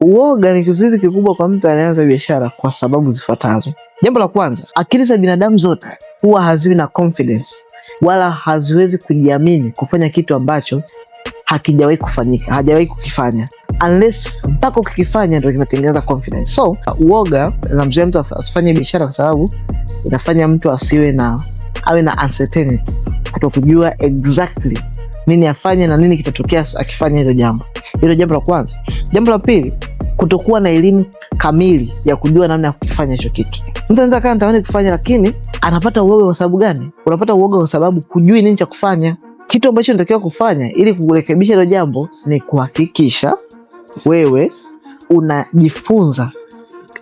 Uoga ni kizuizi kikubwa kwa mtu anayeanza biashara kwa sababu zifuatazo. Jambo la kwanza, akili za binadamu zote huwa haziwi na confidence wala haziwezi kujiamini kufanya kitu ambacho hakijawahi kufanyika, hajawahi kukifanya unless mpaka ukikifanya ndio kinatengeneza confidence. So uoga namzuia mtu asifanye biashara kwa sababu inafanya mtu asiwe na awe na uncertainty, kutokujua exactly nini afanye na nini kitatokea akifanya hilo jambo. Hilo jambo la kwanza. Jambo la pili kutokuwa na elimu kamili ya kujua namna ya kukifanya hicho kitu. Mtu anaweza kaa natamani kufanya, lakini anapata uoga. Kwa sababu gani? Unapata uoga kwa sababu kujui nini cha kufanya. Kitu ambacho natakiwa kufanya ili kurekebisha hilo jambo ni kuhakikisha wewe unajifunza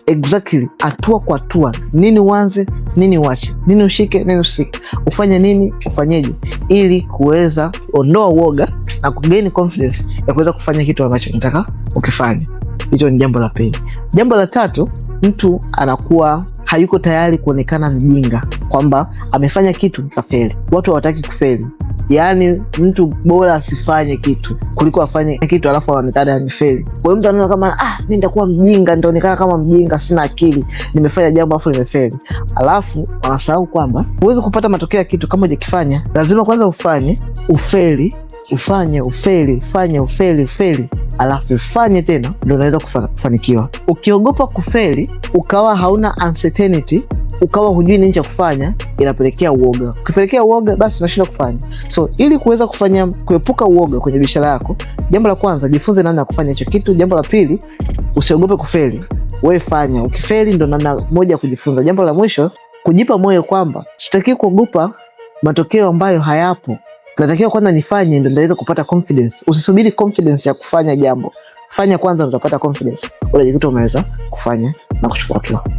exactly hatua kwa hatua, nini uanze, nini uache, nini ushike, nini usishike, ufanye nini, ufanyeje, ili kuweza ondoa uoga na kugain confidence ya kuweza kufanya kitu ambacho nataka ukifanya. Hicho ni jambo la pili. Jambo la tatu, mtu anakuwa hayuko tayari kuonekana mjinga kwamba amefanya kitu kafeli. Watu hawataki kufeli, yaani mtu bora asifanye kitu kuliko afanye kitu alafu aonekana amefeli. Kwa hiyo mtu anaona kama ah, mi nitakuwa mjinga, nitaonekana kama mjinga, sina akili, nimefanya jambo alafu nimefeli. Alafu wanasahau kwamba huwezi kupata matokeo ya kitu kama hujakifanya. Lazima kwanza ufanye, ufeli, ufanye, ufeli, ufanye, ufeli, ufeli alafu ifanye tena, ndo unaweza kufanikiwa. Ukiogopa kufeli, ukawa hauna uncertainty, ukawa hujui nini cha kufanya, inapelekea uoga. Ukipelekea uoga, basi unashindwa kufanya. So ili kuweza kufanya kuepuka uoga kwenye biashara yako, jambo la kwanza, jifunze namna ya kufanya hicho kitu. Jambo la pili, usiogope kufeli, wewe fanya. Ukifeli ndo namna moja ya kujifunza. Jambo la mwisho, kujipa moyo kwamba sitaki kuogopa matokeo ambayo hayapo natakiwa kwanza nifanye ndo ndaweza kupata confidence. Usisubiri confidence ya kufanya jambo, fanya kwanza, ndo utapata confidence, unajikuta umeweza kufanya na kuchukua hatua.